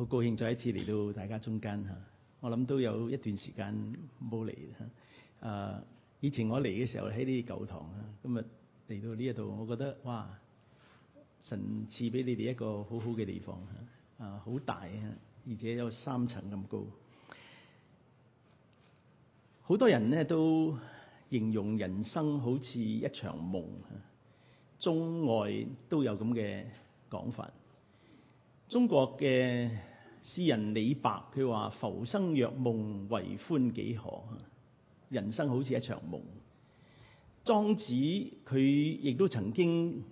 好高興再一次嚟到大家中間嚇，我諗都有一段時間冇嚟嚇。誒，以前我嚟嘅時候喺呢啲舊堂啊，咁啊嚟到呢一度，我覺得哇！神賜俾你哋一個好好嘅地方啊，好大啊，而且有三層咁高。好多人咧都形容人生好似一場夢嚇，中外都有咁嘅講法。中國嘅。詩人李白佢話浮生若夢，為歡幾何？人生好似一場夢。莊子佢亦都曾經，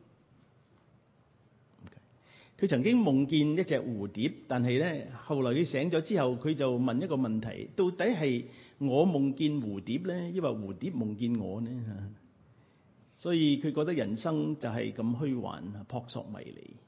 佢曾經夢見一隻蝴蝶，但係咧後來佢醒咗之後，佢就問一個問題：到底係我夢見蝴蝶咧，抑或蝴蝶夢見我咧？所以佢覺得人生就係咁虛幻、撲朔迷離。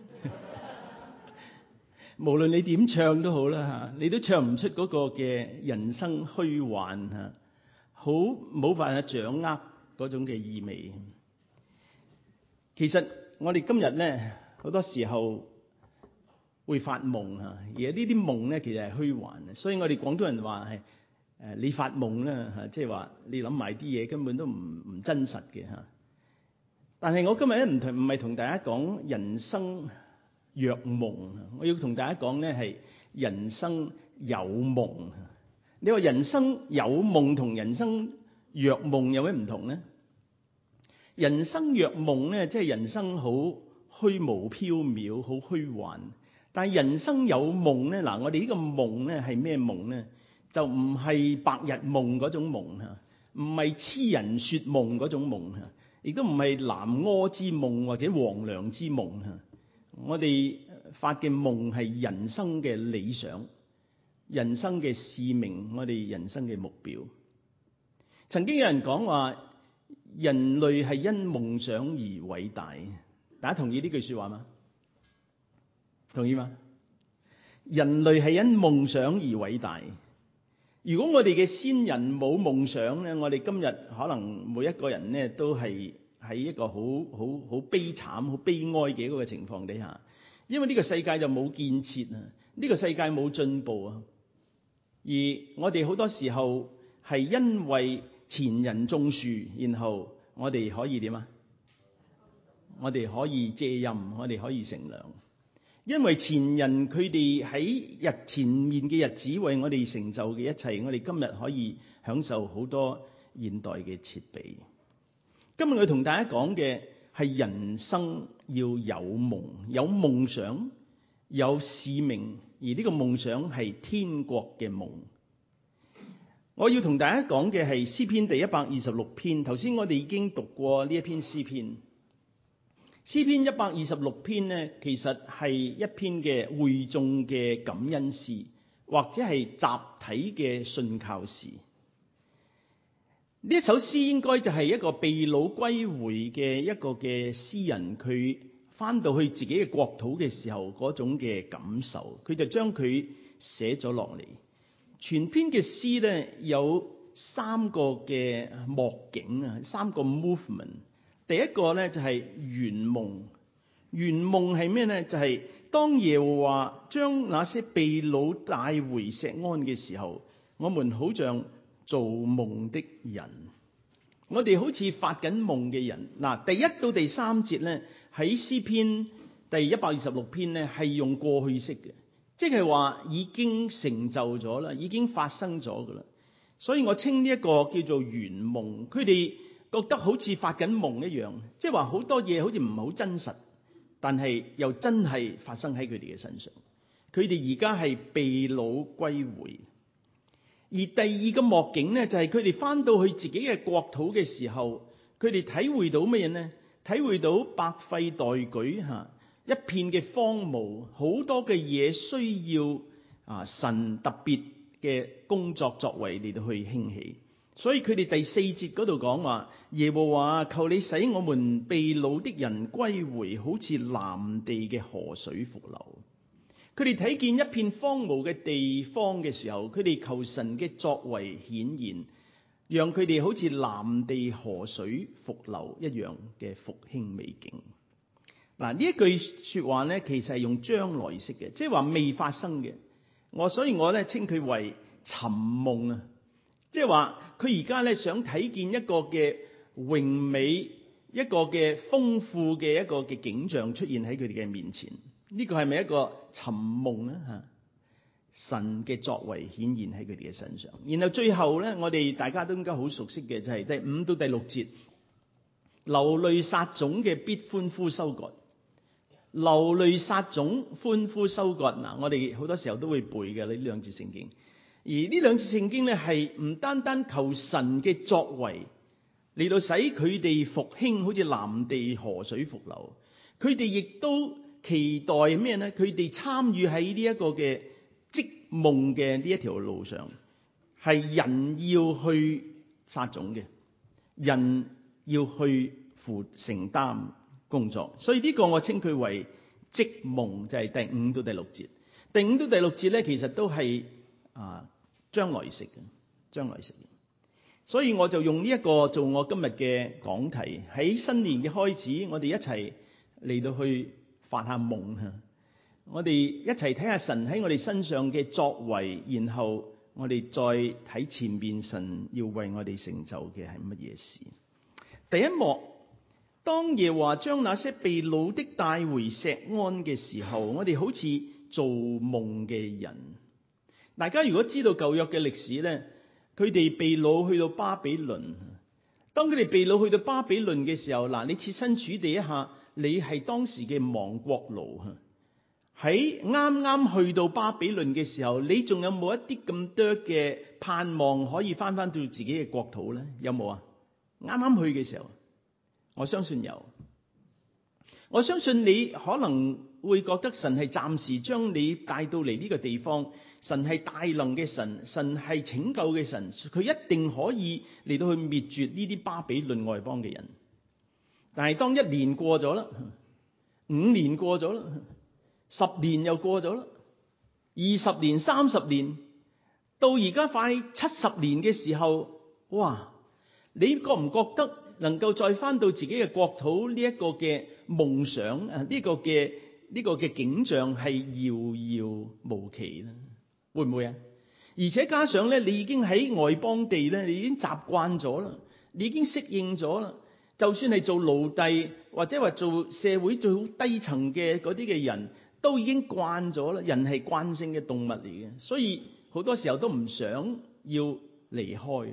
無論你點唱都好啦吓，你都唱唔出嗰個嘅人生虛幻吓，好冇辦法掌握嗰種嘅意味。其實我哋今日咧好多時候會發夢吓，而呢啲夢咧其實係虛幻嘅，所以我哋廣東人話係誒你發夢咧吓，即係話你諗埋啲嘢根本都唔唔真實嘅吓。但係我今日咧唔同唔係同大家講人生若夢，我要同大家講咧，係人生有夢。你話人生有夢同人生若夢有咩唔同咧？人生若夢咧，即係人生好虛無縹緲，好虛幻。但係人生有夢咧，嗱，我哋呢個夢咧係咩夢咧？就唔係白日夢嗰種夢吓，唔係痴人說夢嗰種夢吓，亦都唔係南柯之夢或者黃粱之夢吓。我哋發嘅夢係人生嘅理想、人生嘅使命、我哋人生嘅目標。曾經有人講話，人類係因夢想而偉大。大家同意呢句說話嗎？同意嗎？人類係因夢想而偉大。如果我哋嘅先人冇夢想咧，我哋今日可能每一個人咧都係。喺一個好好好悲慘、好悲哀嘅嗰個情況底下，因為呢個世界就冇建設啊，呢、呢個世界冇進步啊。而我哋好多時候係因為前人種樹，然後我哋可以點啊？我哋可以借蔭，我哋可以乘涼。因為前人佢哋喺日前面嘅日子為我哋成就嘅一切，我哋今日可以享受好多現代嘅設備。今日要同大家講嘅係人生要有夢，有夢想，有使命，而呢個夢想係天國嘅夢。我要同大家講嘅係詩篇第一百二十六篇。頭先我哋已經讀過呢一篇詩篇。詩篇一百二十六篇呢，其實係一篇嘅會眾嘅感恩詩，或者係集體嘅信靠詩。呢一首詩應該就係一個被擄歸回嘅一個嘅詩人，佢返到去自己嘅國土嘅時候嗰種嘅感受，佢就將佢寫咗落嚟。全篇嘅詩呢，有三個嘅幕景啊，三個 movement。第一個呢，就係圓夢，圓夢係咩呢？就係、是、當耶和華將那些被擄帶回錫安嘅時候，我們好像。做夢的人，我哋好似發緊夢嘅人。嗱，第一到第三節呢，喺詩篇第一百二十六篇呢，係用過去式嘅，即係話已經成就咗啦，已經發生咗噶啦。所以我稱呢一個叫做圓夢。佢哋覺得好似發緊夢一樣，即係話好多嘢好似唔係好真實，但係又真係發生喺佢哋嘅身上。佢哋而家係被擄歸回。而第二個幕景呢，就係佢哋翻到去自己嘅國土嘅時候，佢哋體會到乜嘢呢？體會到百廢待舉吓，一片嘅荒蕪，好多嘅嘢需要啊神特別嘅工作作為嚟到去興起。所以佢哋第四節嗰度講話：耶和華求你使我們被擄的人歸回，好似南地嘅河水復流。佢哋睇見一片荒蕪嘅地方嘅時候，佢哋求神嘅作為顯現，讓佢哋好似南地河水復流一樣嘅復興美景。嗱，呢一句說話呢，其實係用將來式嘅，即係話未發生嘅。我所以我咧稱佢為尋夢啊，即係話佢而家呢，想睇見一個嘅榮美，一個嘅豐富嘅一個嘅景象出現喺佢哋嘅面前。呢個係咪一個尋夢咧吓？神嘅作為顯現喺佢哋嘅身上。然後最後咧，我哋大家都應該好熟悉嘅就係第五到第六節，流淚撒種嘅必歡呼收割，流淚撒種，歡呼收割。嗱，我哋好多時候都會背嘅呢兩節聖經。而呢兩節聖經咧，係唔單單求神嘅作為嚟到使佢哋復興，好似南地河水復流，佢哋亦都。期待咩咧？佢哋參與喺呢一個嘅織夢嘅呢一條路上，係人要去撒種嘅，人要去負承擔工作，所以呢個我稱佢為織夢，就係、是、第五到第六節。第五到第六節咧，其實都係啊，將來食嘅，將來食嘅。所以我就用呢一個做我今日嘅講題，喺新年嘅開始，我哋一齊嚟到去。發下夢啊！我哋一齊睇下神喺我哋身上嘅作為，然後我哋再睇前面神要為我哋成就嘅係乜嘢事。第一幕，當耶華將那些被擄的帶回錫安嘅時候，我哋好似做夢嘅人。大家如果知道舊約嘅歷史呢，佢哋被擄去到巴比倫。當佢哋被擄去到巴比倫嘅時候，嗱，你設身處地一下。你係當時嘅亡國奴啊！喺啱啱去到巴比倫嘅時候，你仲有冇一啲咁多嘅盼望可以翻翻到自己嘅國土咧？有冇啊？啱啱去嘅時候，我相信有。我相信你可能會覺得神係暫時將你帶到嚟呢個地方，神係大能嘅神，神係拯救嘅神，佢一定可以嚟到去滅絕呢啲巴比倫外邦嘅人。但係當一年過咗啦，五年過咗啦，十年又過咗啦，二十年、三十年，到而家快七十年嘅時候，哇！你覺唔覺得能夠再返到自己嘅國土呢一個嘅夢想啊？呢個嘅呢個嘅景象係遙遙無期啦，會唔會啊？而且加上咧，你已經喺外邦地咧，你已經習慣咗啦，你已經適應咗啦。就算係做奴隸或者話做社會最低層嘅嗰啲嘅人都已經慣咗啦，人係慣性嘅動物嚟嘅，所以好多時候都唔想要離開。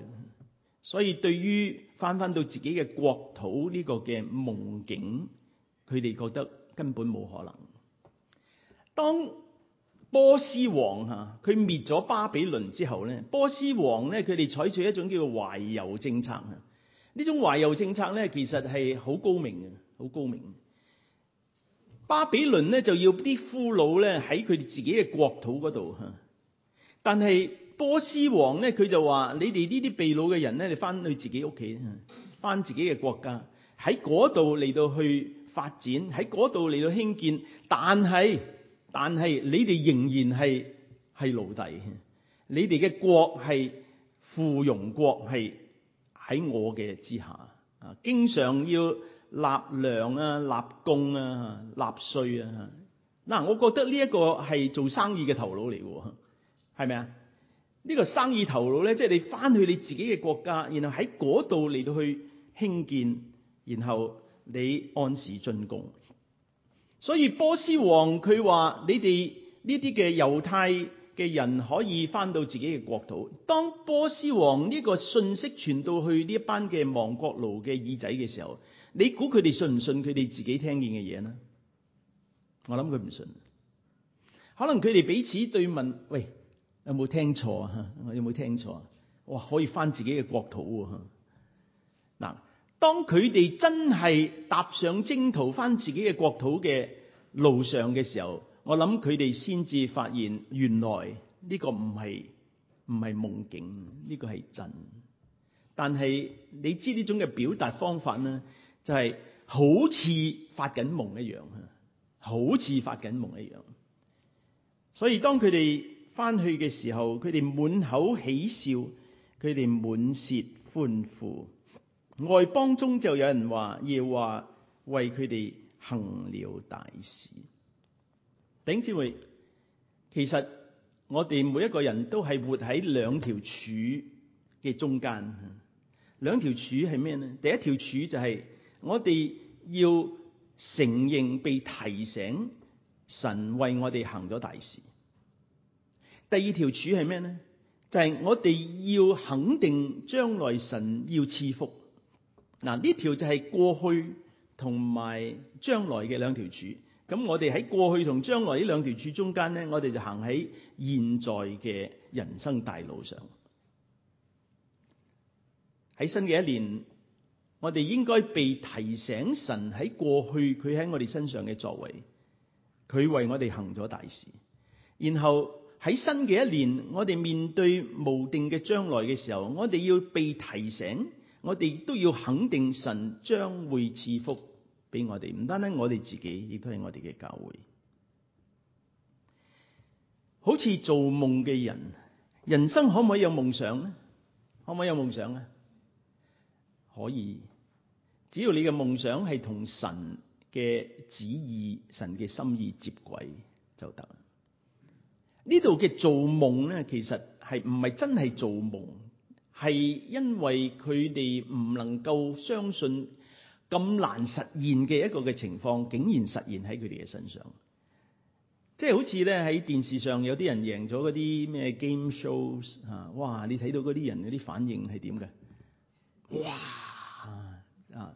所以對於翻翻到自己嘅國土呢個嘅夢境，佢哋覺得根本冇可能。當波斯王嚇佢滅咗巴比倫之後咧，波斯王咧佢哋採取一種叫做懷柔政策。呢種懷柔政策咧，其實係好高明嘅，好高明。巴比倫咧就要啲俘虜咧喺佢哋自己嘅國土嗰度，但係波斯王咧佢就話：你哋呢啲俘虜嘅人咧，你翻去自己屋企，翻自己嘅國家，喺嗰度嚟到去發展，喺嗰度嚟到興建，但係但係你哋仍然係係奴隸，你哋嘅國係附庸國係。係喺我嘅之下啊，經常要納糧啊、納貢啊、納稅啊。嗱，我覺得呢一個係做生意嘅頭腦嚟嘅，係咪啊？呢個生意頭腦咧，即係你翻去你自己嘅國家，然後喺嗰度嚟到去興建，然後你按時進貢。所以波斯王佢話：你哋呢啲嘅猶太。嘅人可以翻到自己嘅國土。當波斯王呢個信息傳到去呢一班嘅亡國奴嘅耳仔嘅時候，你估佢哋信唔信佢哋自己聽見嘅嘢呢？我諗佢唔信，可能佢哋彼此對問：喂，有冇聽錯啊？我有冇聽錯啊？哇，可以翻自己嘅國土喎！嗱，當佢哋真係踏上征途翻自己嘅國土嘅路上嘅時候。我諗佢哋先至發現，原來呢個唔係唔係夢境，呢個係真。但係你知呢種嘅表達方法呢，就係好似發緊夢一樣，好似發緊夢一樣。所以當佢哋翻去嘅時候，佢哋滿口喜笑，佢哋滿舌歡呼。外邦中就有人話，耶和華為佢哋行了大事。弟兄姊妹，其實我哋每一個人都係活喺兩條柱嘅中間。兩條柱係咩咧？第一條柱就係我哋要承認被提醒，神為我哋行咗大事。第二條柱係咩咧？就係、是、我哋要肯定將來神要賜福。嗱，呢條就係過去同埋將來嘅兩條柱。咁我哋喺過去同將來呢兩條柱中間呢，我哋就行喺現在嘅人生大路上。喺新嘅一年，我哋應該被提醒神喺過去佢喺我哋身上嘅作為，佢為我哋行咗大事。然後喺新嘅一年，我哋面對無定嘅將來嘅時候，我哋要被提醒，我哋都要肯定神將會賜福。俾我哋，唔單單我哋自己，亦都係我哋嘅教會。好似做夢嘅人，人生可唔可以有夢想咧？可唔可以有夢想啊？可以，只要你嘅夢想係同神嘅旨意、神嘅心意接軌就得。呢度嘅做夢咧，其實係唔係真係做夢，係因為佢哋唔能夠相信。咁難實現嘅一個嘅情況，竟然實現喺佢哋嘅身上，即係好似咧喺電視上有啲人贏咗嗰啲咩 game shows 啊，哇！你睇到嗰啲人嗰啲反應係點嘅？哇啊！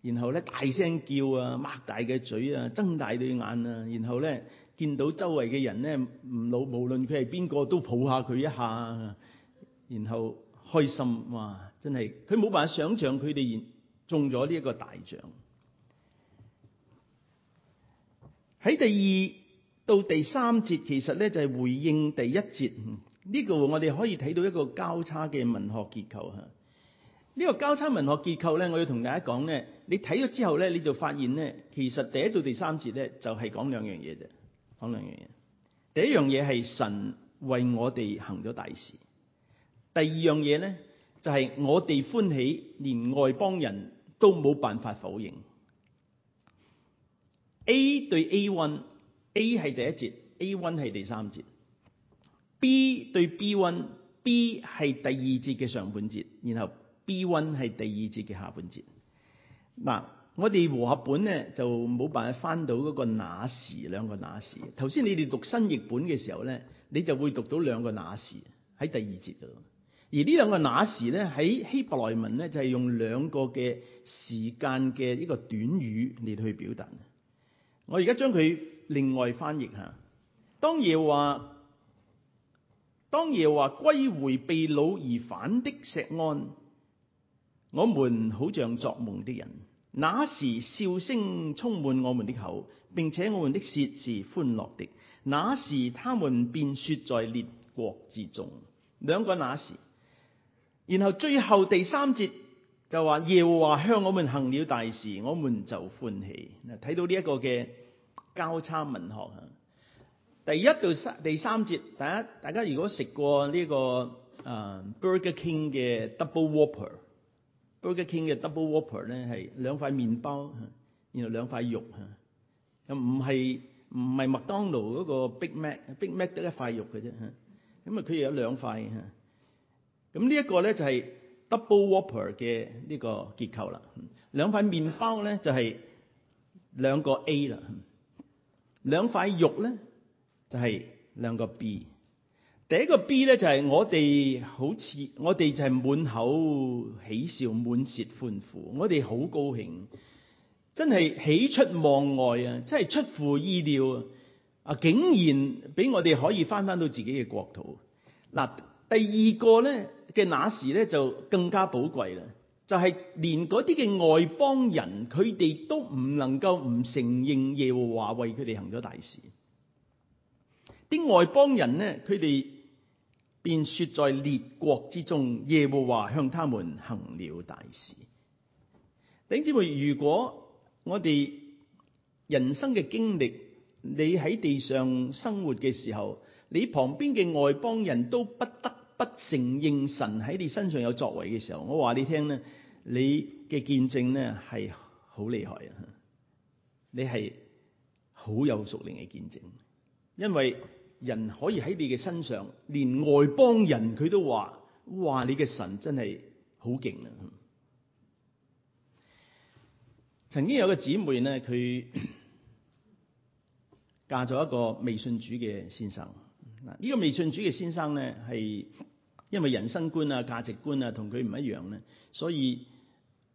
然後咧大聲叫啊，擘大嘅嘴啊，睜大對眼啊，然後咧見到周圍嘅人咧唔老，無論佢係邊個都抱下佢一下，然後開心哇！真係，佢冇辦法想象佢哋。中咗呢一個大獎。喺第二到第三節，其實咧就係、是、回應第一節。呢、這個我哋可以睇到一個交叉嘅文學結構吓。呢、這個交叉文學結構咧，我要同大家講咧，你睇咗之後咧，你就發現咧，其實第一到第三節咧就係、是、講兩樣嘢啫，講兩樣嘢。第一樣嘢係神為我哋行咗大事。第二樣嘢咧就係、是、我哋歡喜，連外邦人。都冇辦法否認。A 對 A one，A 係第一節，A one 係第三節。B 對 B one，B 係第二節嘅上半節，然後 B one 係第二節嘅下半節。嗱，我哋和合本咧就冇辦法翻到嗰個那時兩個那時。頭先你哋讀新譯本嘅時候咧，你就會讀到兩個那時喺第二節度。而呢兩個那時咧，喺希伯來文咧就係、是、用兩個嘅時間嘅一個短語嚟去表達。我而家將佢另外翻譯下。當耶和華，當耶和華歸回被擄而反的錫安，我們好像作夢的人。那時笑聲充滿我們的口，並且我們的舌是歡樂的。那時他們便說在列國之中，兩個那時。然後最後第三節就話，耶和華向我們行了大事，我們就歡喜。嗱，睇到呢一個嘅交叉文學第一到三第三節，大家，大家如果食過呢、呢個、啊、Burger King 嘅 Double Whopper，Burger King 嘅 Double Whopper 咧係兩塊麵包，然後兩塊肉，又唔係唔係麥當勞嗰個 Big Mac，Big Mac 得 Mac 一塊肉嘅啫，咁啊佢又有兩塊。啊咁呢一個咧就係 double whopper 嘅呢個結構啦，兩塊麵包咧就係兩個 A 啦，兩塊肉咧就係兩個 B。第一個 B 咧就係我哋好似我哋就係滿口喜笑滿舌歡呼，我哋好高興，真係喜出望外啊！真係出乎意料啊！啊，竟然俾我哋可以返返到自己嘅國土。嗱，第二個咧。嘅那時咧就更加寶貴啦，就係連嗰啲嘅外邦人，佢哋都唔能夠唔承認耶和華為佢哋行咗大事。啲外邦人咧，佢哋便說，在列國之中，耶和華向他們行了大事。弟兄姊妹，如果我哋人生嘅經歷，你喺地上生活嘅時候，你旁邊嘅外邦人都不得。不承認神喺你身上有作為嘅時候，我話你聽咧，你嘅見證咧係好厲害啊！你係好有屬靈嘅見證，因為人可以喺你嘅身上，連外邦人佢都話，哇！你嘅神真係好勁啊！曾經有個姊妹咧，佢 嫁咗一個未信主嘅先生。嗱，呢個未信主嘅先生咧係。因為人生觀啊、價值觀啊，同佢唔一樣咧，所以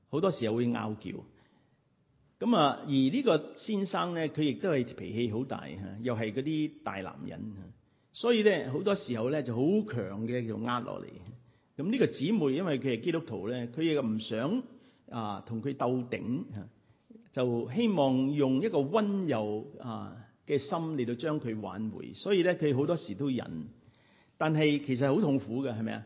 好多時候會拗撬。咁啊，而呢個先生咧，佢亦都係脾氣好大嚇，又係嗰啲大男人，所以咧好多時候咧就好強嘅，就壓落嚟。咁呢個姊妹，因為佢係基督徒咧，佢又唔想啊同佢鬥頂，就希望用一個温柔啊嘅心嚟到將佢挽回。所以咧，佢好多時都忍。但係其實好痛苦嘅，係咪啊？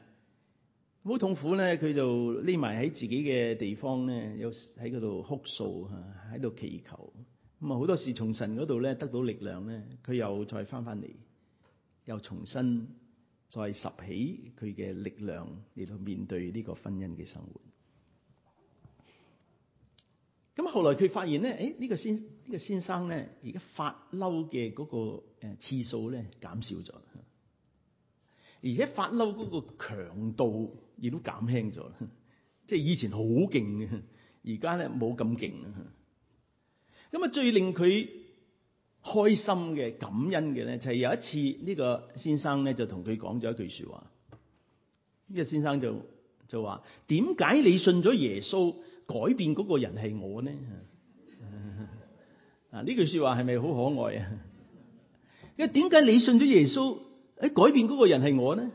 好痛苦咧，佢就匿埋喺自己嘅地方咧，有喺嗰度哭訴，喺度祈求。咁啊，好多時從神嗰度咧得到力量咧，佢又再翻翻嚟，又重新再拾起佢嘅力量嚟到面對呢個婚姻嘅生活。咁後來佢發現咧，誒呢個先呢個先生咧，而家發嬲嘅嗰個誒次數咧減少咗。而且發嬲嗰個強度亦都減輕咗，即係以前好勁嘅，而家咧冇咁勁啦。咁啊，最令佢開心嘅感恩嘅咧，就係有一次呢個先生咧就同佢講咗一句説話。呢個先生就就話：點解你信咗耶穌改變嗰個人係我呢？啊，呢句説話係咪好可愛啊？因 為點解你信咗耶穌？改變嗰個人係我咧，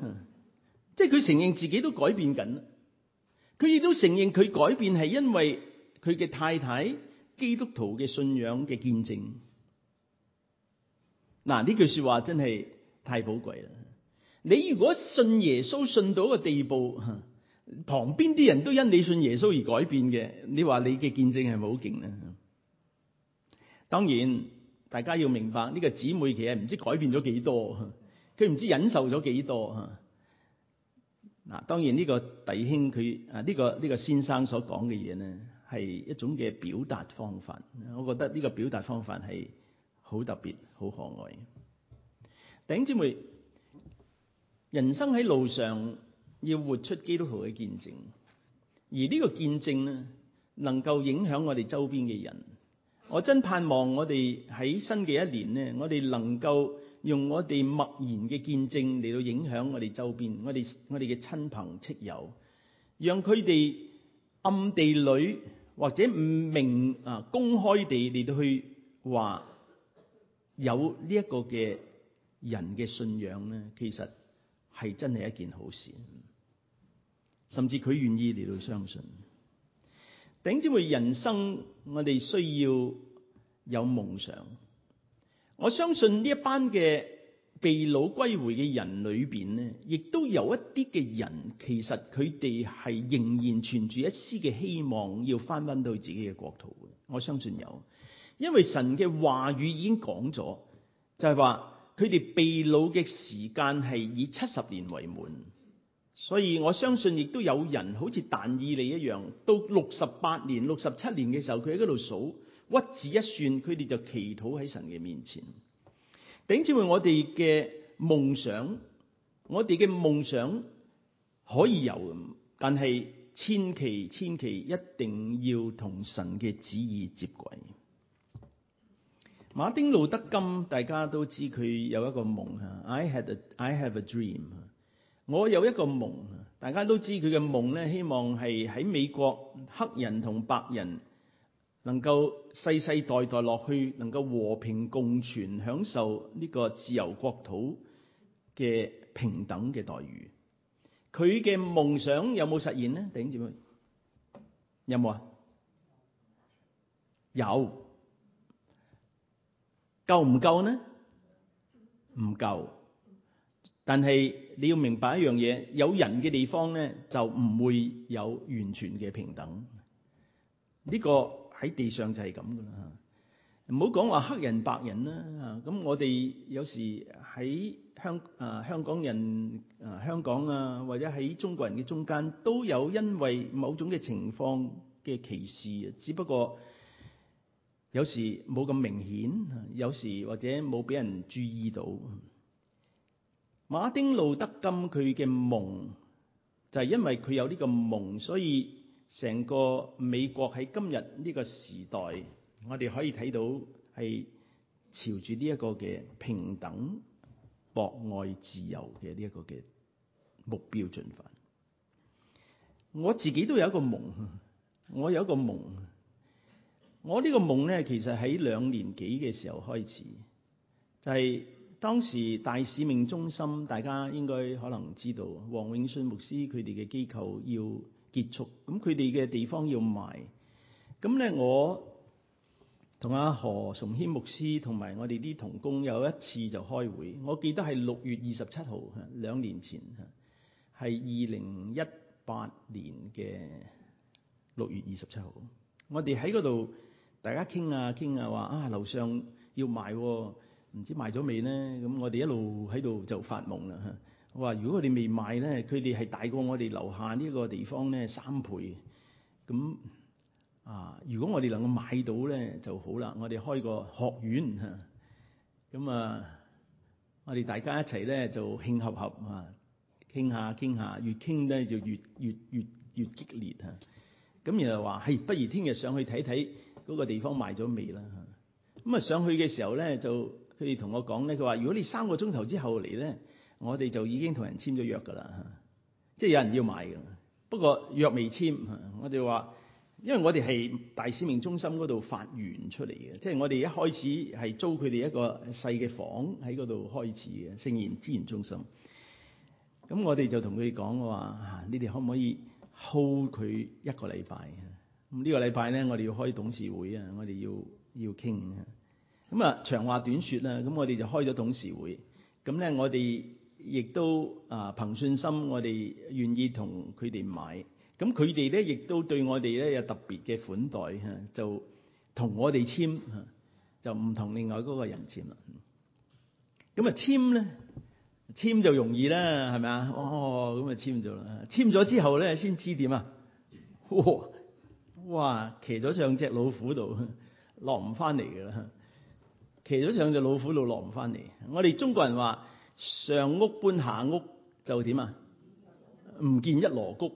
即係佢承認自己都改變緊啦。佢亦都承認佢改變係因為佢嘅太太基督徒嘅信仰嘅見證。嗱，呢句說話真係太寶貴啦！你如果信耶穌信到個地步，旁邊啲人都因你信耶穌而改變嘅，你話你嘅見證係咪好勁咧？當然，大家要明白呢個姊妹其實唔知改變咗幾多。佢唔知忍受咗幾多吓，嗱，當然呢個弟兄佢啊呢個呢個先生所講嘅嘢咧，係一種嘅表達方法。我覺得呢個表達方法係好特別、好可愛的。弟兄姊妹，人生喺路上要活出基督徒嘅見證，而呢個見證咧，能夠影響我哋周邊嘅人。我真盼望我哋喺新嘅一年咧，我哋能夠。用我哋默然嘅見證嚟到影響我哋周邊，我哋我哋嘅親朋戚友，讓佢哋暗地裏或者唔明啊，公開地嚟到去話有呢一個嘅人嘅信仰咧，其實係真係一件好事，甚至佢願意嚟到相信。頂之會人生，我哋需要有夢想。我相信呢一班嘅被擄歸回嘅人裏邊呢，亦都有一啲嘅人，其實佢哋係仍然存住一絲嘅希望，要翻返到自己嘅國土嘅。我相信有，因為神嘅話語已經講咗，就係話佢哋被擄嘅時間係以七十年為滿，所以我相信亦都有人好似但以理一樣，到六十八年、六十七年嘅時候，佢喺嗰度數。屈指一算，佢哋就祈禱喺神嘅面前。頂住我哋嘅夢想，我哋嘅夢想可以有，但係千祈千祈一定要同神嘅旨意接軌。馬丁路德金大家都知，佢有一個夢。I had I have a dream。我有一個夢，大家都知佢嘅夢咧，希望係喺美國黑人同白人。能夠世世代代落去，能夠和平共存，享受呢個自由國土嘅平等嘅待遇。佢嘅夢想有冇實現呢？頂住冇，有冇啊？有，夠唔夠呢？唔夠。但係你要明白一樣嘢，有人嘅地方咧，就唔會有完全嘅平等。呢個。喺地上就係咁噶啦，唔好講話黑人白人啦。咁我哋有時喺香啊香港人啊香港啊，或者喺中國人嘅中間，都有因為某種嘅情況嘅歧視。只不過有時冇咁明顯，有時或者冇俾人注意到。馬丁路德金佢嘅夢，就係因為佢有呢個夢，所以。成個美國喺今日呢個時代，我哋可以睇到係朝住呢一個嘅平等、博愛、自由嘅呢一個嘅目標進發。我自己都有一個夢，我有一個夢。我呢個夢咧，其實喺兩年幾嘅時候開始，就係當時大使命中心，大家應該可能知道，黃永信牧師佢哋嘅機構要。結束，咁佢哋嘅地方要賣，咁咧我同阿何崇軒牧師同埋我哋啲同工有一次就開會，我記得係六月二十七號，兩年前係二零一八年嘅六月二十七號，我哋喺嗰度大家傾啊傾啊，話啊樓上要賣，唔知賣咗未呢？咁我哋一路喺度就發夢啦嚇。我話：如果佢哋未買咧，佢哋係大過我哋樓下呢個地方咧三倍。咁啊，如果我哋能夠買到咧，就好啦。我哋開個學院嚇，咁啊，我哋大家一齊咧就慶合合啊，傾下傾下，越傾咧就越越越越激烈嚇。咁、啊、然後話：係，不如聽日上去睇睇嗰個地方賣咗未啦。咁啊，上去嘅時候咧，就佢哋同我講咧，佢話：如果你三個鐘頭之後嚟咧。我哋就已經同人簽咗約噶啦，即係有人要買嘅。不過約未簽，我哋話，因為我哋係大使命中心嗰度發源出嚟嘅，即係我哋一開始係租佢哋一個細嘅房喺嗰度開始嘅聖言資源中心。咁我哋就同佢講話，你哋可唔可以 hold 佢一個禮拜？咁呢個禮拜咧，我哋要開董事會啊，我哋要要傾啊。咁啊，長話短説啦，咁我哋就開咗董事會。咁咧，我哋。亦都啊，憑信心，我哋願意同佢哋買。咁佢哋咧，亦都對我哋咧有特別嘅款待嚇，就同我哋簽，就唔同另外嗰個人簽啦。咁啊簽咧，簽就容易啦，係咪啊？哦，咁啊簽咗啦。簽咗之後咧，先知點啊？哇！哇！騎咗上隻老虎度，落唔翻嚟㗎啦。騎咗上隻老虎度，落唔翻嚟。我哋中國人話。上屋搬下屋就點啊？唔見一籮谷，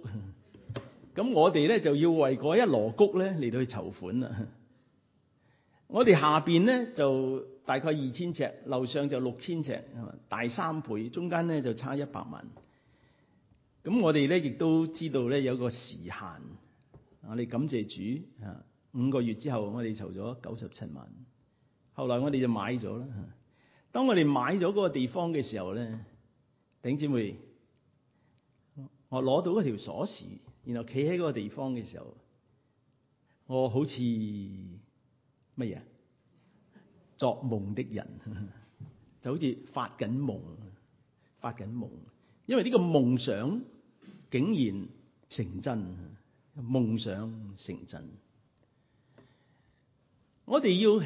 咁我哋咧就要為嗰一籮谷咧嚟到去籌款啦。我哋下邊咧就大概二千尺，樓上就六千尺，大三倍，中間咧就差一百萬。咁我哋咧亦都知道咧有個時限，我哋感謝主，五個月之後我哋籌咗九十七萬，後來我哋就買咗啦。當我哋買咗嗰個地方嘅時候呢，頂姐妹，我攞到嗰條鎖匙，然後企喺嗰個地方嘅時候，我好似乜嘢？作夢的人，就好似發緊夢，發緊夢，因為呢個夢想竟然成真，夢想成真。我哋要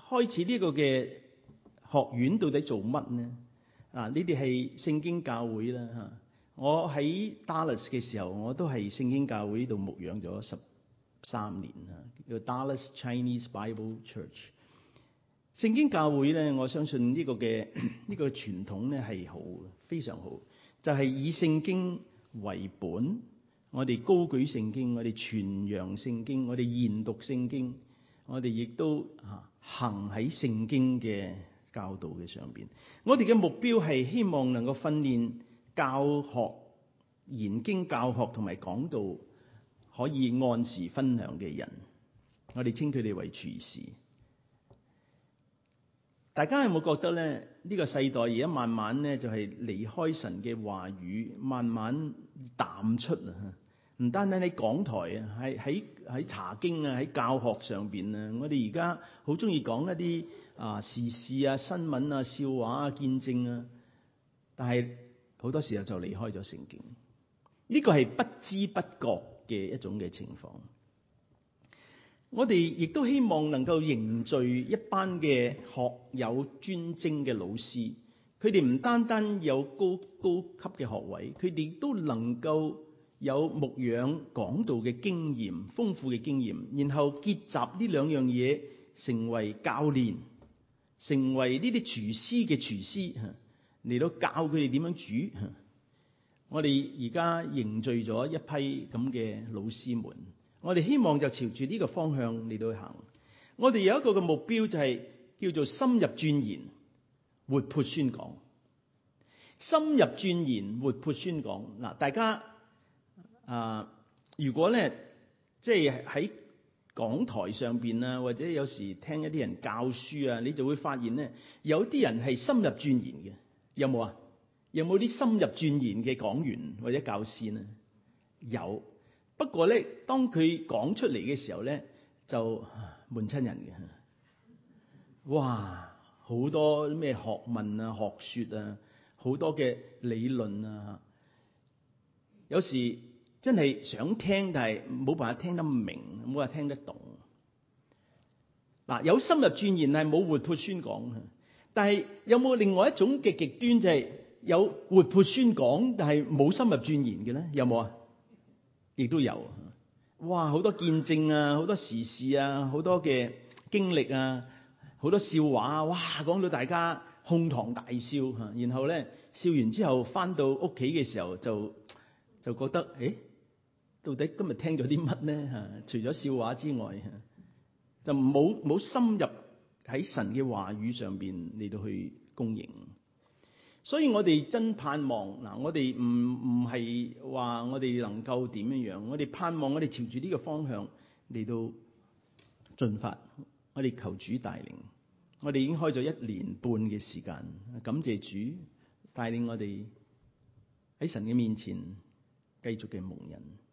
開始呢個嘅。學院到底做乜呢？啊，呢啲係聖經教會啦吓。我喺 Dallas 嘅時候，我都係聖經教會度牧養咗十三年，叫 Dallas Chinese Bible Church。聖經教會咧，我相信呢個嘅呢、呢個傳統咧係好非常好，就係、是、以聖經為本，我哋高舉聖經，我哋傳揚聖經，我哋研讀聖經，我哋亦都行喺聖經嘅。教導嘅上邊，我哋嘅目標係希望能夠訓練教學、研經、教學同埋講道可以按時分享嘅人，我哋稱佢哋為廚師。大家有冇覺得咧？呢、這個世代而家慢慢咧就係離開神嘅話語，慢慢淡出啊！唔單單喺講台啊，喺喺喺查經啊，喺教學上邊啊，我哋而家好中意講一啲。啊，時事啊、新聞啊、笑話啊、見證啊，但係好多時候就離開咗聖經。呢個係不知不覺嘅一種嘅情況。我哋亦都希望能夠凝聚一班嘅學有專精嘅老師，佢哋唔單單有高高級嘅學位，佢哋亦都能夠有牧養講道嘅經驗、豐富嘅經驗，然後結集呢兩樣嘢，成為教練。成為呢啲廚師嘅廚師嚟到教佢哋點樣煮，我哋而家凝聚咗一批咁嘅老師們，我哋希望就朝住呢個方向嚟到行。我哋有一個嘅目標就係、是、叫做深入鑽研、活潑宣講。深入鑽研、活潑宣講。嗱，大家啊、呃，如果咧，即係喺。講台上邊啊，或者有時聽一啲人教書啊，你就會發現咧，有啲人係深入鑽研嘅，有冇啊？有冇啲深入鑽研嘅講員或者教師呢？有，不過咧，當佢講出嚟嘅時候咧，就悶親人嘅。哇，好多咩學問啊、學說啊，好多嘅理論啊，有時。真係想聽，但係冇辦法聽得明，冇話聽得懂。嗱，有深入鑽研係冇活潑宣講，但係有冇另外一種嘅極端，就係、是、有活潑宣講，但係冇深入鑽研嘅咧？有冇啊？亦都有。啊！哇，好多見證啊，好多時事啊，好多嘅經歷啊，好多笑話啊，哇，講到大家哄堂大笑嚇，然後咧笑完之後翻到屋企嘅時候就就覺得，誒、欸、～到底今日聽咗啲乜咧？吓，除咗笑話之外，就冇冇深入喺神嘅話語上邊嚟到去供應。所以我哋真盼望嗱，我哋唔唔係話我哋能夠點樣樣，我哋盼望我哋朝住呢個方向嚟到進發。我哋求主帶領，我哋已經開咗一年半嘅時間，感謝主帶領我哋喺神嘅面前繼續嘅蒙恩。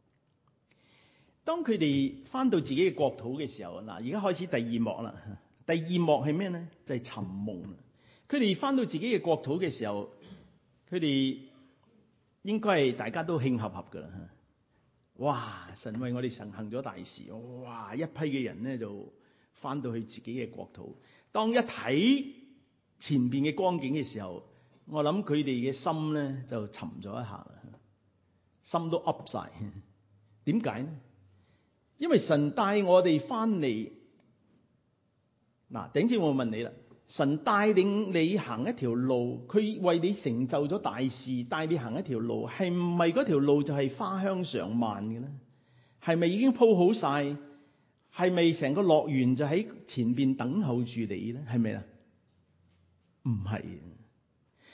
當佢哋翻到自己嘅國土嘅時候，嗱，而家開始第二幕啦。第二幕係咩咧？就係、是、尋夢。佢哋翻到自己嘅國土嘅時候，佢哋應該係大家都慶合合噶啦。哇！神為我哋神行咗大事，哇！一批嘅人咧就翻到去自己嘅國土。當一睇前邊嘅光景嘅時候，我諗佢哋嘅心咧就沉咗一下啦，心都噏晒。點解咧？因為神帶我哋翻嚟，嗱，頂次我問你啦，神帶領你行一條路，佢為你成就咗大事，帶你行一條路，係唔係嗰條路就係花香常漫嘅咧？係咪已經鋪好晒？係咪成個樂園就喺前邊等候住你咧？係咪啊？唔係，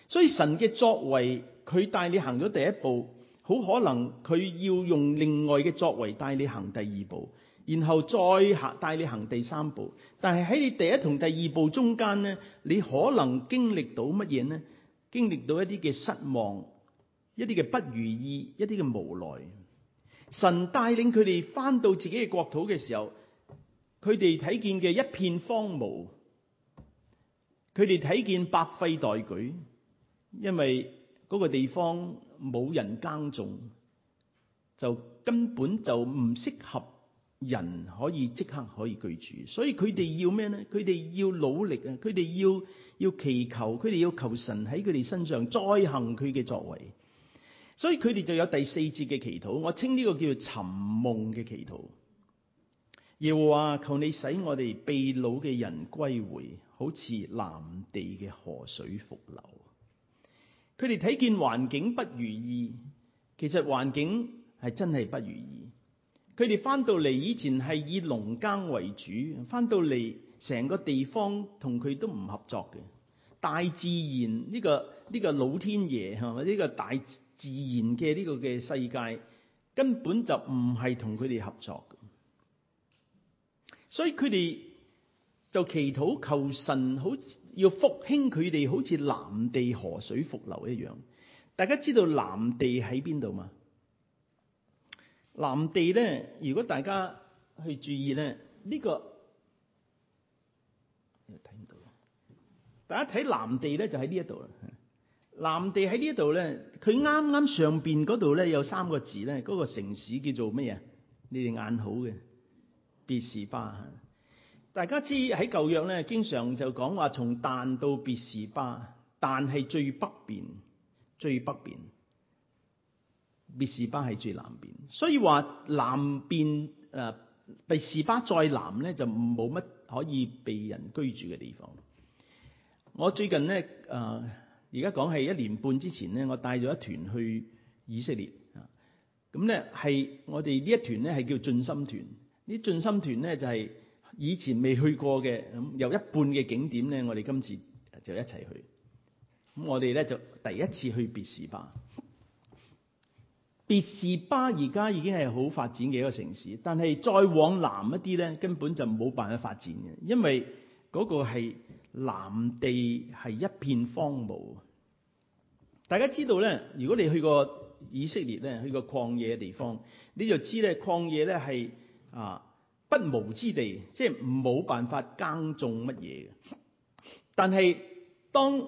所以神嘅作為，佢帶你行咗第一步。好可能佢要用另外嘅作為帶你行第二步，然後再行帶你行第三步。但係喺你第一同第二步中間呢，你可能經歷到乜嘢呢？經歷到一啲嘅失望，一啲嘅不如意，一啲嘅無奈。神帶領佢哋返到自己嘅國土嘅時候，佢哋睇見嘅一片荒蕪，佢哋睇見百廢待舉，因為，嗰個地方冇人耕種，就根本就唔適合人可以即刻可以居住，所以佢哋要咩呢？佢哋要努力啊！佢哋要要祈求，佢哋要求神喺佢哋身上再行佢嘅作為，所以佢哋就有第四節嘅祈禱，我稱呢個叫做尋夢嘅祈禱。耶和華求你使我哋被擄嘅人歸回，好似南地嘅河水復流。佢哋睇見環境不如意，其實環境係真係不如意。佢哋翻到嚟以前係以農耕為主，翻到嚟成個地方同佢都唔合作嘅。大自然呢個呢個老天爺係咪呢個大自然嘅呢個嘅世界，根本就唔係同佢哋合作嘅，所以佢哋就祈禱求神好。要復興佢哋，好似南地河水復流一樣。大家知道南地喺邊度嘛？南地咧，如果大家去注意咧，呢、這個，睇唔到。大家睇南地咧，就喺呢一度啦。南地喺呢一度咧，佢啱啱上邊嗰度咧有三個字咧，嗰、那個城市叫做咩嘢？你哋眼好嘅，別是巴。大家知喺舊約咧，經常就講話從但到別士巴，但係最北邊，最北邊。別士巴係最南邊，所以話南邊誒、呃、別士巴再南咧，就冇乜可以被人居住嘅地方。我最近咧誒，而家講係一年半之前咧，我帶咗一團去以色列啊。咁咧係我哋呢一團咧係叫進心團，呢進心團咧就係、是。以前未去過嘅咁，有一半嘅景點咧，我哋今次就一齊去。咁我哋咧就第一次去別士巴。別士巴而家已經係好發展嘅一個城市，但係再往南一啲咧，根本就冇辦法發展嘅，因為嗰個係南地，係一片荒蕪。大家知道咧，如果你去過以色列咧，去過曠野嘅地方，你就知咧曠野咧係啊。不毛之地，即係冇辦法耕種乜嘢嘅。但係當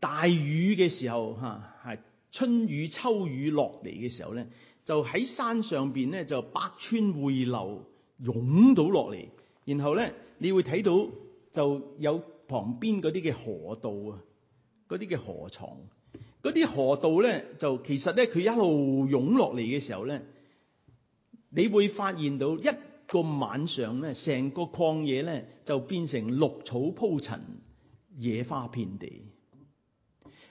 大雨嘅時候，吓係春雨、秋雨落嚟嘅時候咧，就喺山上邊咧就百川匯流，湧到落嚟。然後咧，你會睇到就有旁邊嗰啲嘅河道啊，嗰啲嘅河床，嗰啲河道咧就其實咧，佢一路湧落嚟嘅時候咧，你會發現到一。個晚上咧，成個曠野咧就變成綠草鋪陳、野花遍地。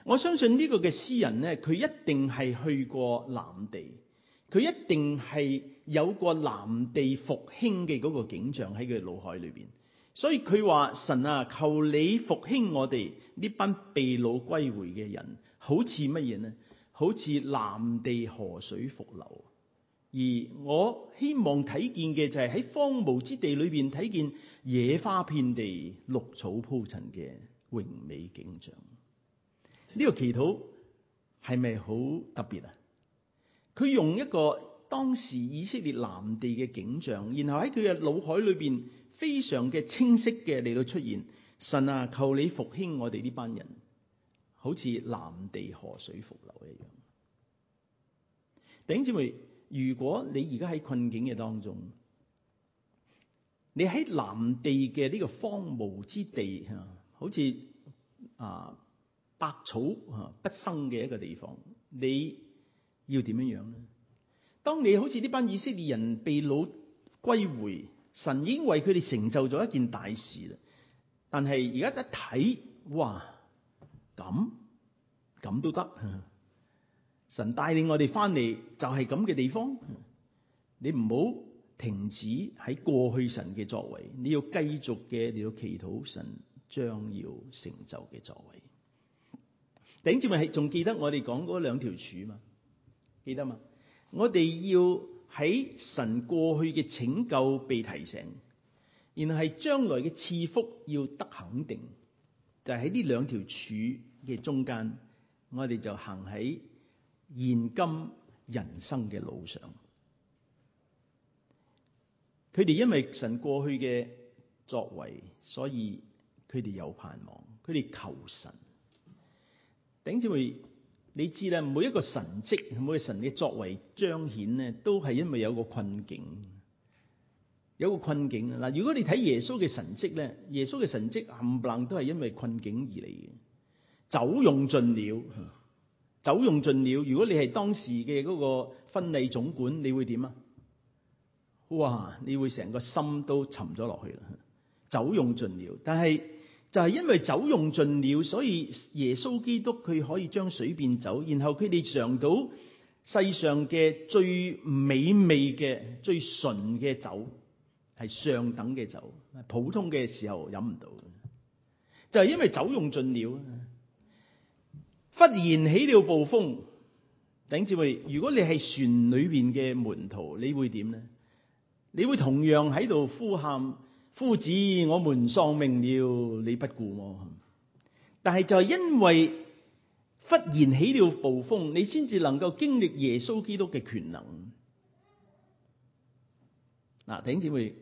我相信呢個嘅詩人咧，佢一定係去過南地，佢一定係有個南地復興嘅嗰個景象喺佢腦海裏邊。所以佢話：神啊，求你復興我哋呢班被擄歸回嘅人，好似乜嘢呢？好似南地河水復流。而我希望睇見嘅，就係喺荒蕪之地裏邊睇見野花遍地、綠草鋪陳嘅榮美景象。呢、這個祈禱係咪好特別啊？佢用一個當時以色列南地嘅景象，然後喺佢嘅腦海裏邊非常嘅清晰嘅嚟到出現。神啊，求你復興我哋呢班人，好似南地河水復流一樣。頂姊妹。如果你而家喺困境嘅當中，你喺南地嘅呢個荒蕪之地像啊，好似啊百草啊不生嘅一個地方，你要點樣樣咧？當你好似呢班以色列人被擄歸回，神已經為佢哋成就咗一件大事啦。但係而家一睇，哇，咁咁都得。這樣也可以。神帶領我哋翻嚟，就係咁嘅地方，你唔好停止喺過去神嘅作為，你要繼續嘅。你要祈禱神將要成就嘅作為。頂住咪，仲記得我哋講嗰兩條柱嘛？記得嘛？我哋要喺神過去嘅拯救被提醒，然後係將來嘅賜福要得肯定，就喺呢兩條柱嘅中間，我哋就行喺。現今人生嘅路上，佢哋因為神過去嘅作為，所以佢哋有盼望，佢哋求神。頂住會，你知啦，每一個神蹟，每個神嘅作為彰顯咧，都係因為有個困境，有個困境。嗱，如果你睇耶穌嘅神蹟咧，耶穌嘅神蹟冚唪唥都係因為困境而嚟嘅，酒用盡了。酒用盡了，如果你係當時嘅嗰個婚禮總管，你會點啊？哇！你會成個心都沉咗落去啦。酒用盡了，但係就係因為酒用盡了，所以耶穌基督佢可以將水變酒，然後佢哋嚐到世上嘅最美味嘅、最純嘅酒，係上等嘅酒，普通嘅時候飲唔到。就係因為酒用盡了。忽然起了暴風，弟兄姊妹，如果你係船裏邊嘅門徒，你會點呢？你會同樣喺度呼喊，夫子，我們喪命了，你不顧我。但係就係因為忽然起了暴風，你先至能夠經歷耶穌基督嘅權能。嗱，弟兄姊妹，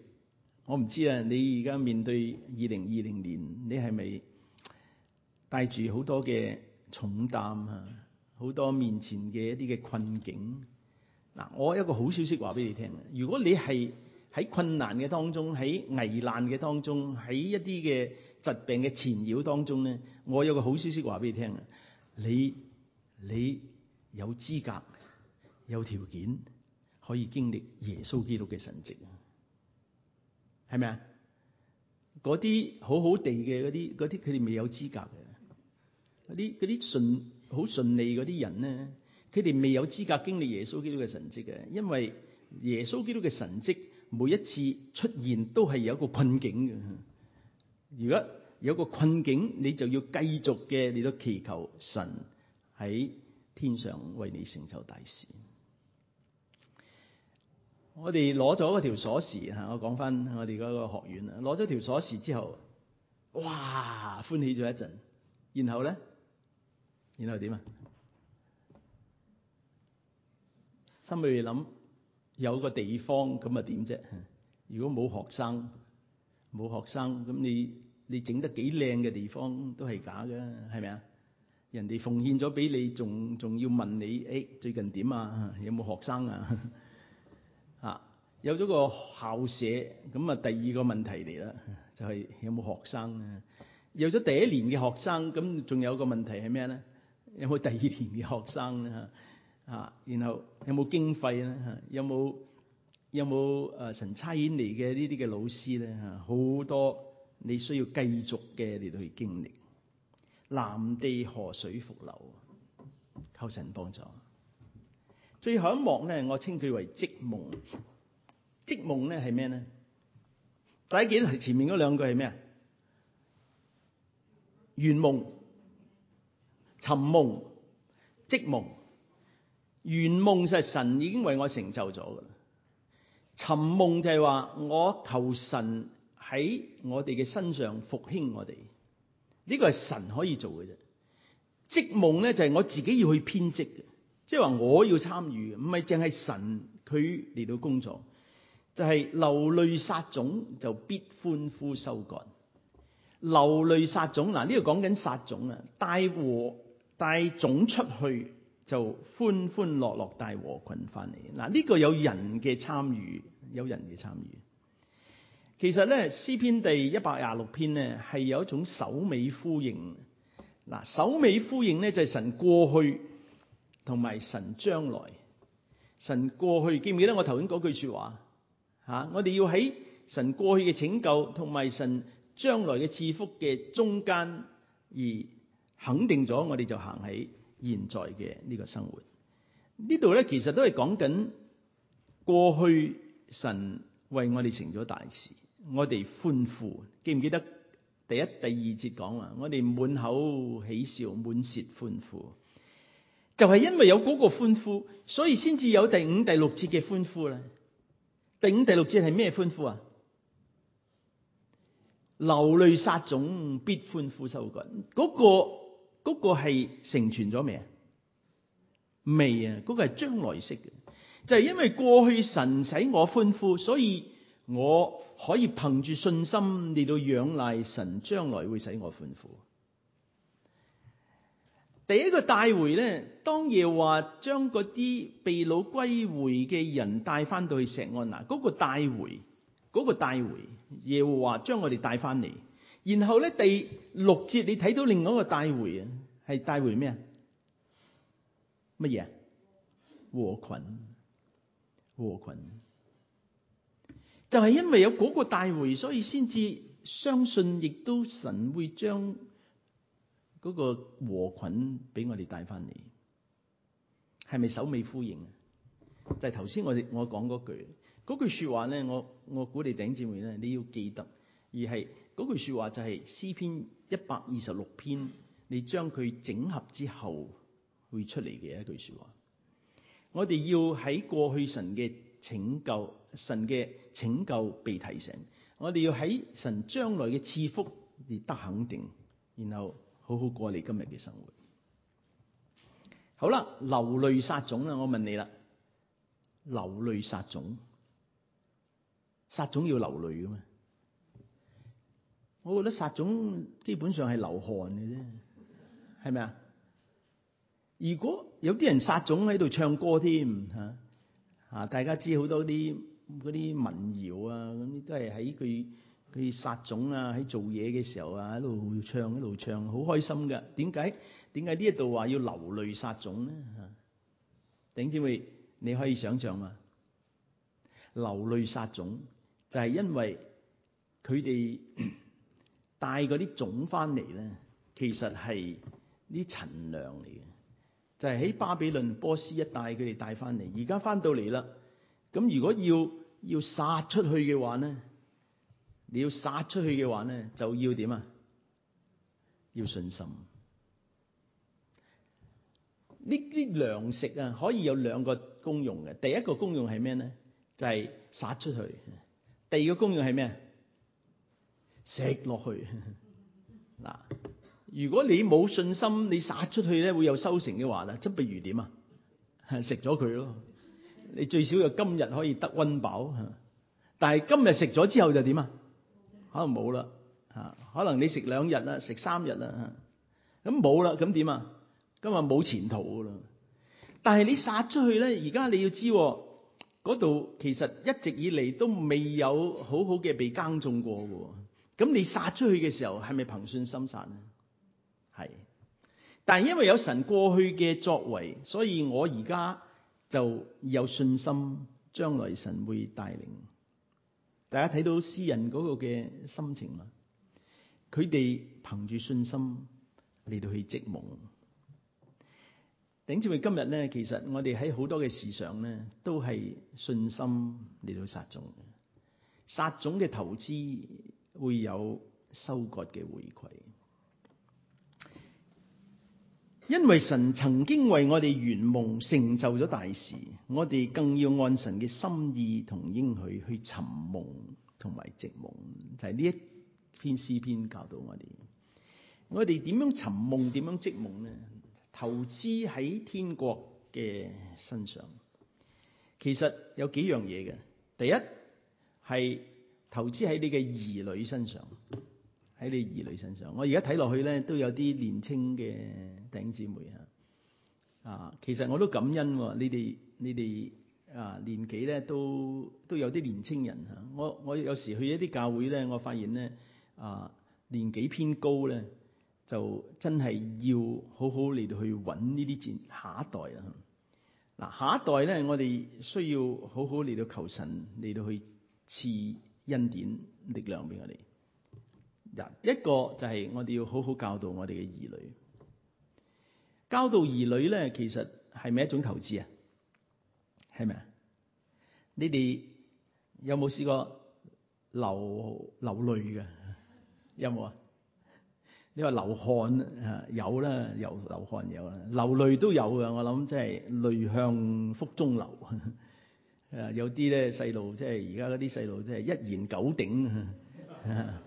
我唔知啊，你而家面對二零二零年，你係咪帶住好多嘅？重擔啊，好多面前嘅一啲嘅困境。嗱，我有一個好消息話俾你聽，如果你係喺困難嘅當中，喺危難嘅當中，喺一啲嘅疾病嘅纏繞當中咧，我有個好消息話俾你聽啊！你你有資格有條件可以經歷耶穌基督嘅神蹟啊，係咪啊？啲好好哋嘅啲啲，佢哋未有資格嘅。嗰啲啲順好順利嗰啲人咧，佢哋未有資格經歷耶穌基督嘅神蹟嘅，因為耶穌基督嘅神蹟每一次出現都係有一個困境嘅。如果有個困境，你就要繼續嘅，你都祈求神喺天上為你成就大事。我哋攞咗嗰條鎖匙吓，我講翻我哋嗰個學院啊，攞咗條鎖匙之後，哇，歡喜咗一陣，然後咧。然後點啊？心裡諗，有個地方咁啊點啫？如果冇學生，冇學生咁你你整得幾靚嘅地方都係假嘅，係咪啊？人哋奉獻咗俾你，仲仲要問你，誒、哎，最近點啊？有冇學生啊？啊， 有咗個校舍咁啊，第二個問題嚟啦，就係、是、有冇學生啊？有咗第一年嘅學生，咁仲有一個問題係咩咧？有冇第二年嘅學生咧嚇？啊，然後有冇經費咧嚇？有冇有冇誒、呃、神差遣嚟嘅呢啲嘅老師咧嚇？好多你需要繼續嘅嚟到去經歷。南地河水復流，求神幫助。最後一幕咧，我稱佢為織夢。織夢咧係咩咧？大家記得前面嗰兩句係咩啊？圓夢。尋夢、織夢、圓夢，就係神已經為我成就咗噶啦。尋夢就係話我求神喺我哋嘅身上復興我哋，呢個係神可以做嘅啫。織夢咧就係我自己要去編織嘅，即係話我要參與，唔係淨係神佢嚟到工作。就係、是、流淚撒種，就必歡呼收割。流淚撒種嗱，呢度講緊撒種啊，帶禾。帶種出去就歡歡樂樂帶禾捆翻嚟，嗱，呢個有人嘅參與，有人嘅參與，其實咧詩篇第一百廿六篇咧係有一種首尾呼應嗱，首尾呼應咧就係、是、神過去同埋神將來，神過去，記唔記得我頭先嗰句說話吓？我哋要喺神過去嘅拯救同埋神將來嘅賜福嘅中間而肯定咗我哋就行喺現在嘅呢個生活，呢度咧其實都係講緊過去神為我哋成咗大事，我哋歡呼，記唔記得第一、第二節講啊，我哋滿口喜笑，滿舌歡呼，就係、是、因為有嗰個歡呼，所以先至有第五、第六節嘅歡呼咧，第五、第六節係咩歡呼啊？流淚撒種，必歡呼收割，嗰、那個。嗰個係成全咗未啊？未啊，嗰個係將來式嘅，就係、是、因為過去神使我歡呼，所以我可以憑住信心嚟到仰賴神將來會使我歡呼。第一個帶回咧，當耶和華將嗰啲被擄歸回嘅人帶翻到去錫安拿，嗰、嗰個帶回，嗰個帶回，耶和華將我哋帶翻嚟。然後咧，第六節你睇到另外一個帶回啊。係帶回咩？乜嘢？禾捆禾捆，就係、是、因為有嗰個帶回，所以先至相信，亦都神會將嗰個禾捆俾我哋帶翻嚟。係咪首尾呼應啊？就係頭先我哋我講嗰句嗰句說話咧，我我估你頂姊妹咧，你要記得，而係嗰句說話就係詩篇一百二十六篇。你將佢整合之後會出嚟嘅一句說話，我哋要喺過去神嘅拯救，神嘅拯救被提醒，我哋要喺神將來嘅賜福而得肯定，然後好好過你今日嘅生活。好啦，流淚撒種啦，我問你啦，流淚撒種，撒種要流淚噶咩？我覺得撒種基本上係流汗嘅啫。係咪啊？如果有啲人撒種喺度唱歌添嚇嚇，大家知好多啲啲民謠啊，咁都係喺佢佢撒種啊，喺做嘢嘅時候啊，喺度唱喺度唱，好開心噶。點解點解呢一度話要流淚撒種咧嚇？頂之咪你可以想象嘛？流淚撒種就係因為佢哋 帶嗰啲種翻嚟咧，其實係。呢啲陳糧嚟嘅，就係、是、喺巴比倫、波斯一帶佢哋帶翻嚟，而家翻到嚟啦。咁如果要要撒出去嘅話咧，你要撒出去嘅話咧，就要點啊？要信心。呢啲糧食啊，可以有兩個功用嘅。第一個功用係咩咧？就係、是、撒出去。第二個功用係咩啊？食落去嗱。 如果你冇信心，你撒出去咧，會有收成嘅話啦，即不如點啊？食咗佢咯，你最少有今日可以得溫飽。但係今日食咗之後就點啊？可能冇啦吓，可能你食兩日啦，食三日啦吓，咁冇啦，咁點啊？今日冇前途噶啦。但係你撒出去咧，而家你要知嗰度其實一直以嚟都未有好好嘅被耕種過噶。咁你撒出去嘅時候係咪憑信心撒呢？係，但係因為有神過去嘅作為，所以我而家就有信心，將來神會帶領。大家睇到詩人嗰個嘅心情嘛，佢哋憑住信心嚟到去織夢。頂住，今日咧，其實我哋喺好多嘅事上咧，都係信心嚟到撒種，撒種嘅投資會有收割嘅回饋。因為神曾經為我哋圓夢，成就咗大事，我哋更要按神嘅心意同應許去尋夢同埋織夢，就係、是、呢一篇詩篇教導我哋。我哋點樣尋夢？點樣織夢呢？投資喺天國嘅身上，其實有幾樣嘢嘅。第一係投資喺你嘅兒女身上。喺你兒女身上，我而家睇落去咧都有啲年青嘅弟兄姊妹啊！啊，其實我都感恩你哋你哋啊年紀咧都都有啲年青人啊！我我有時去一啲教會咧，我發現咧啊年紀偏高咧，就真係要好好嚟到去揾呢啲接下一代啊！嗱，下一代咧，啊、代我哋需要好好嚟到求神嚟到去賜恩典力量俾我哋。一個就係我哋要好好教導我哋嘅兒女，教導兒女咧，其實係咪一種投資啊？係咪啊？你哋有冇試過流流淚嘅？有冇啊？你話流汗啊有啦，有流汗有啦，流淚都有嘅。我諗即係淚向腹中流，誒，有啲咧細路即係而家嗰啲細路真係一言九鼎啊。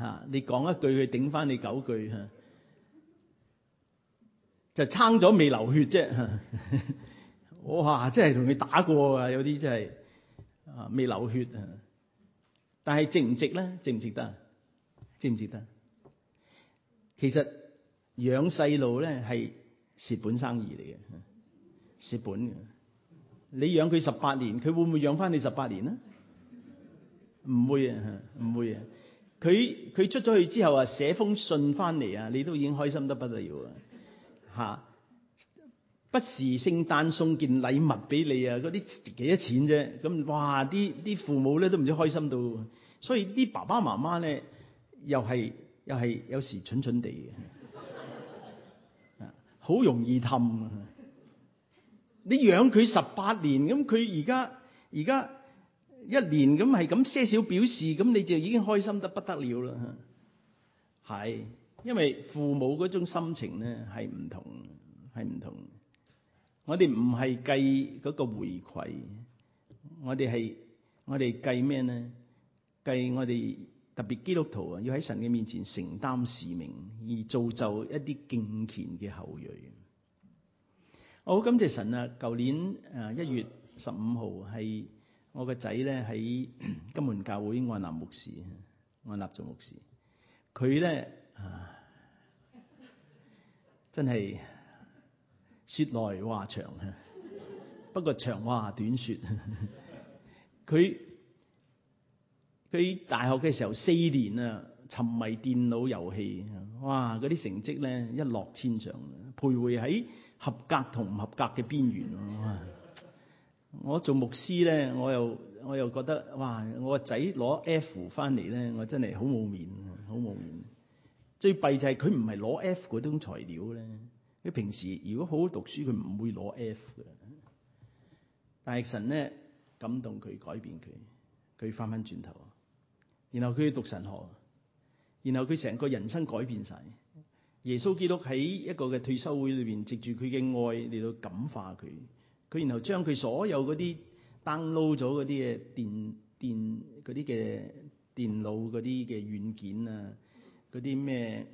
吓，你講一句佢頂翻你九句吓，就撐咗未流血啫。我話真係同佢打過啊，有啲真係啊未流血啊。但係值唔值咧？值唔值得？值唔值得？其實養細路咧係蝕本生意嚟嘅，蝕本嘅。你養佢十八年，佢會唔會養翻你十八年咧？唔會啊，唔會啊。佢佢出咗去之後啊，寫封信翻嚟啊，你都已經開心得不得了啊吓！不時聖誕送件禮物俾你啊，嗰啲幾多錢啫？咁哇，啲啲父母咧都唔知開心到，所以啲爸爸媽媽咧又係又係有時蠢蠢地嘅，啊，好容易氹啊！你養佢十八年，咁佢而家而家。一年咁係咁些少表示，咁你就已經開心得不得了啦。係，因為父母嗰種心情咧係唔同，係唔同。我哋唔係計嗰個回饋，我哋係我哋計咩咧？計我哋特別基督徒啊，要喺神嘅面前承擔使命，而造就一啲敬虔嘅後裔。我好，感謝神啊！舊年誒一月十五號係。我個仔咧喺金門教會按立牧師，按立做牧師。佢咧、啊、真係説來話長啊，不過長話短説，佢佢大學嘅時候四年啊，沉迷電腦遊戲，哇！嗰啲成績咧一落千丈，徘徊喺合格同唔合格嘅邊緣。我做牧師咧，我又我又覺得哇！我個仔攞 F 翻嚟咧，我真係好冇面，好冇面。最弊就係佢唔係攞 F 嗰種材料咧。佢平時如果好好讀書，佢唔會攞 F 噶。但係神咧感動佢，改變佢，佢翻翻轉頭，然後佢要讀神學，然後佢成個人生改變晒。耶穌基督喺一個嘅退休會裏邊，藉住佢嘅愛嚟到感化佢。佢然後將佢所有啲 download 咗啲嘅電電啲嘅電腦啲嘅軟件啊，啲咩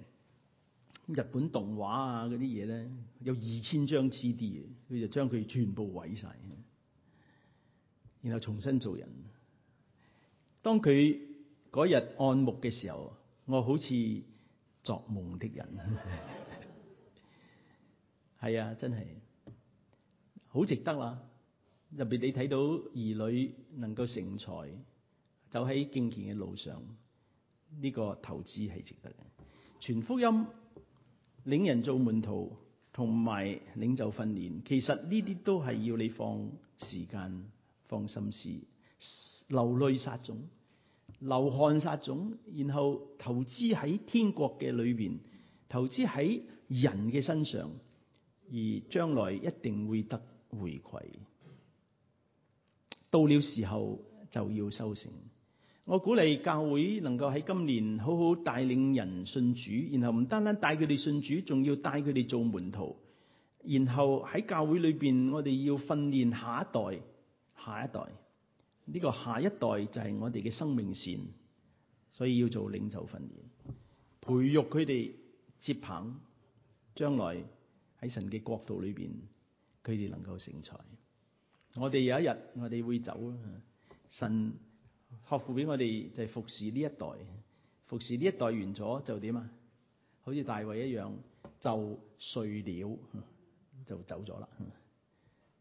日本動畫啊，啲嘢咧，有二千張 CD 嘅，佢就將佢全部毀晒，然後重新做人。當佢嗰日按木嘅時候，我好似作夢的人，係 啊，真係。好值得啦！特別你睇到兒女能夠成才，走喺敬虔嘅路上，呢個投資係值得嘅。傳福音、領人做門徒同埋領袖訓練，其實呢啲都係要你放時間、放心思，流淚撒種、流汗撒種，然後投資喺天國嘅裏邊，投資喺人嘅身上，而將來一定會得。回饋，到了時候就要收成。我鼓勵教會能夠喺今年好好帶領人信主，然後唔單單帶佢哋信主，仲要帶佢哋做門徒。然後喺教會裏邊，我哋要訓練下一代，下一代呢個下一代就係我哋嘅生命線，所以要做領袖訓練，培育佢哋接棒，將來喺神嘅國度裏邊。佢哋能夠成才，我哋有一日我哋會走啊！神託付俾我哋就係服侍呢一代，服侍呢一代完咗就點啊？好似大衛一樣就睡了，就走咗啦。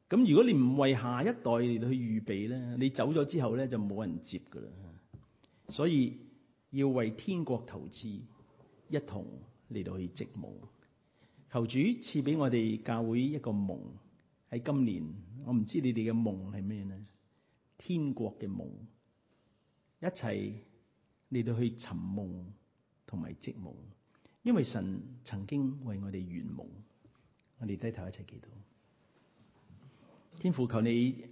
咁如果你唔為下一代去預備咧，你走咗之後咧就冇人接噶啦。所以要為天國投資，一同嚟到去織夢。求主賜俾我哋教會一個夢。喺今年，我唔知你哋嘅夢係咩呢？天國嘅夢，一齊嚟到去尋夢同埋織夢，因為神曾經為我哋圓夢。我哋低頭一齊祈禱。天父，求你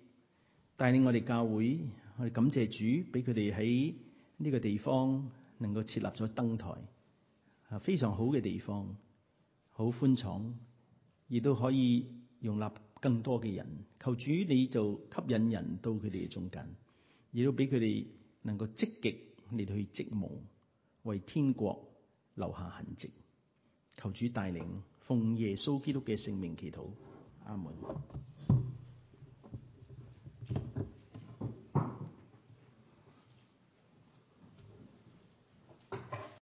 帶領我哋教會，我哋感謝主，俾佢哋喺呢個地方能夠設立咗燈台，啊，非常好嘅地方，好寬敞，亦都可以容納。更多嘅人，求主你就吸引人到佢哋嘅中間，亦都俾佢哋能夠積極嚟去積務，為天國留下痕跡。求主帶領，奉耶穌基督嘅聖名祈禱，阿門。